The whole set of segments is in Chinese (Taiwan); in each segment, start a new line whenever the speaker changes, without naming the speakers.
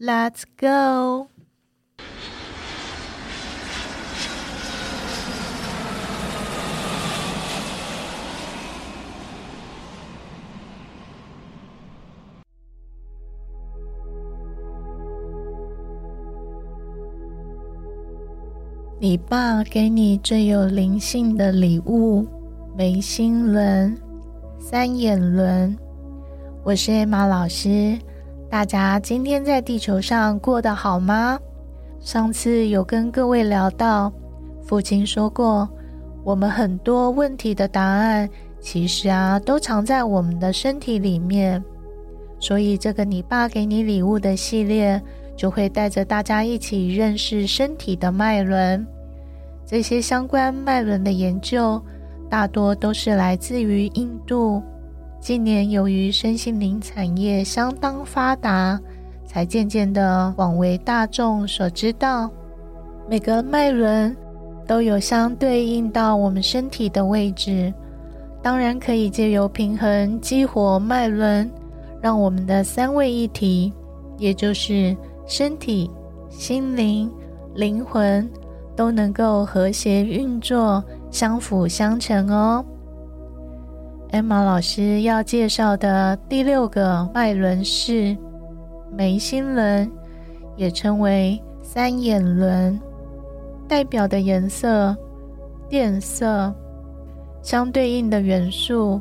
Let's go！你爸給你最有靈性的禮物——眉心輪、三眼輪。我是艾瑪老師。大家今天在地球上過得好嗎？上次有跟各位聊到，父親說過，我們很多問題的答案，其實啊，都藏在我們的身體裡面。所以，這個你爸給你禮物的系列，就會帶着大家一起認識身體的脈輪。這些相關脈輪的研究，大多都是來自於印度。近年，由於身心靈產業相當發達，才漸漸地廣為大眾所知道。每個脈輪都有相對應到我們身體的位置，當然可以借由平衡、激活脈輪，讓我們的三位一體，也就是身體、心靈、靈魂，都能夠和諧運作，相輔相成哦。艾瑪老師要介紹的第六個脈輪是眉心輪，也稱為三眼輪，代表的顏色靛色，相對應的元素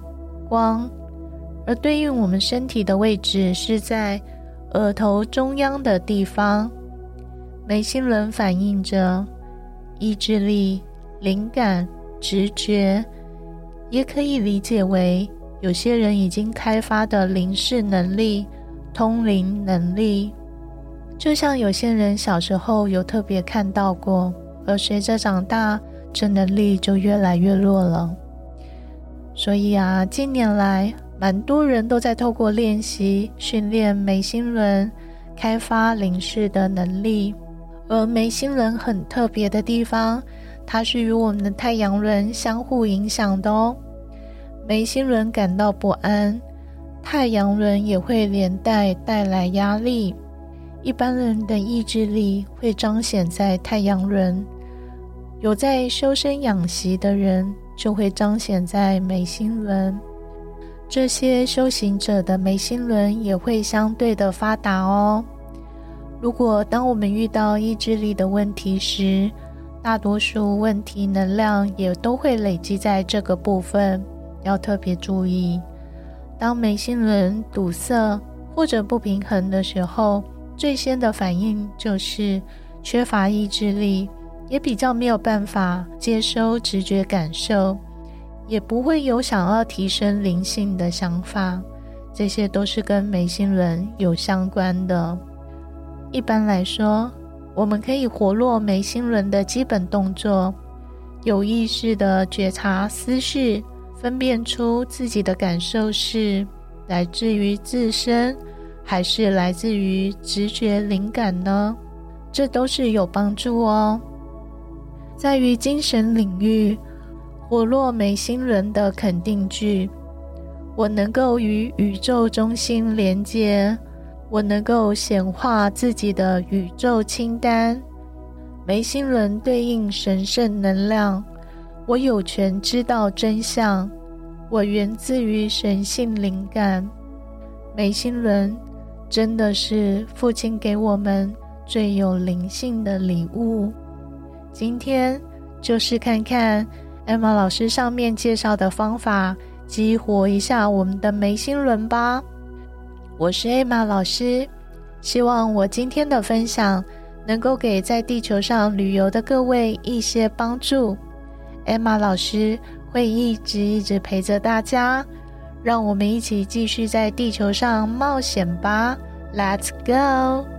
光，而對應我們身體的位置是在額頭中央的地方。眉心輪反映着意志力、靈感、直覺。也可以理解為，有些人已經開發的靈視能力、通靈能力，就像有些人小時候有特別看到過，而隨着長大，這能力就越來越弱了。所以啊，近年來，蠻多人都在透過練習訓練眉心輪，開發靈視的能力。而眉心輪很特別的地方，它是與我們的太陽輪相互影響的哦。眉心輪感到不安，太陽輪也會連帶帶來壓力。一般人的意志力會彰顯在太陽輪，有在修身養息的人就會彰顯在眉心輪。這些修行者的眉心輪也會相對的發達哦。如果當我們遇到意志力的問題時，大多數問題能量也都會累積在這個部分，要特別注意。當眉心輪堵塞或者不平衡的時候，最先的反應就是缺乏意志力，也比較沒有辦法接收直覺感受，也不會有想要提升靈性的想法。這些都是跟眉心輪有相關的。一般來說，我們可以活絡眉心輪的基本動作，有意識地覺察思緒，分辨出自己的感受是來自於自身，還是來自於直覺靈感呢？這都是有幫助哦。在於精神領域，活絡眉心輪的肯定句：我能夠與宇宙中心連接。我能夠顯化自己的宇宙清單，眉心輪對應神聖能量。我有權知道真相。我源自於神性靈感。眉心輪真的是父親給我們最有靈性的禮物。今天就是看看 Emma 老師上面介紹的方法，激活一下我們的眉心輪吧。我是 Emma 老師，希望我今天的分享能夠給在地球上旅遊的各位一些幫助。Emma 老師會一直一直陪着大家，讓我們一起繼續在地球上冒險吧！Let's go！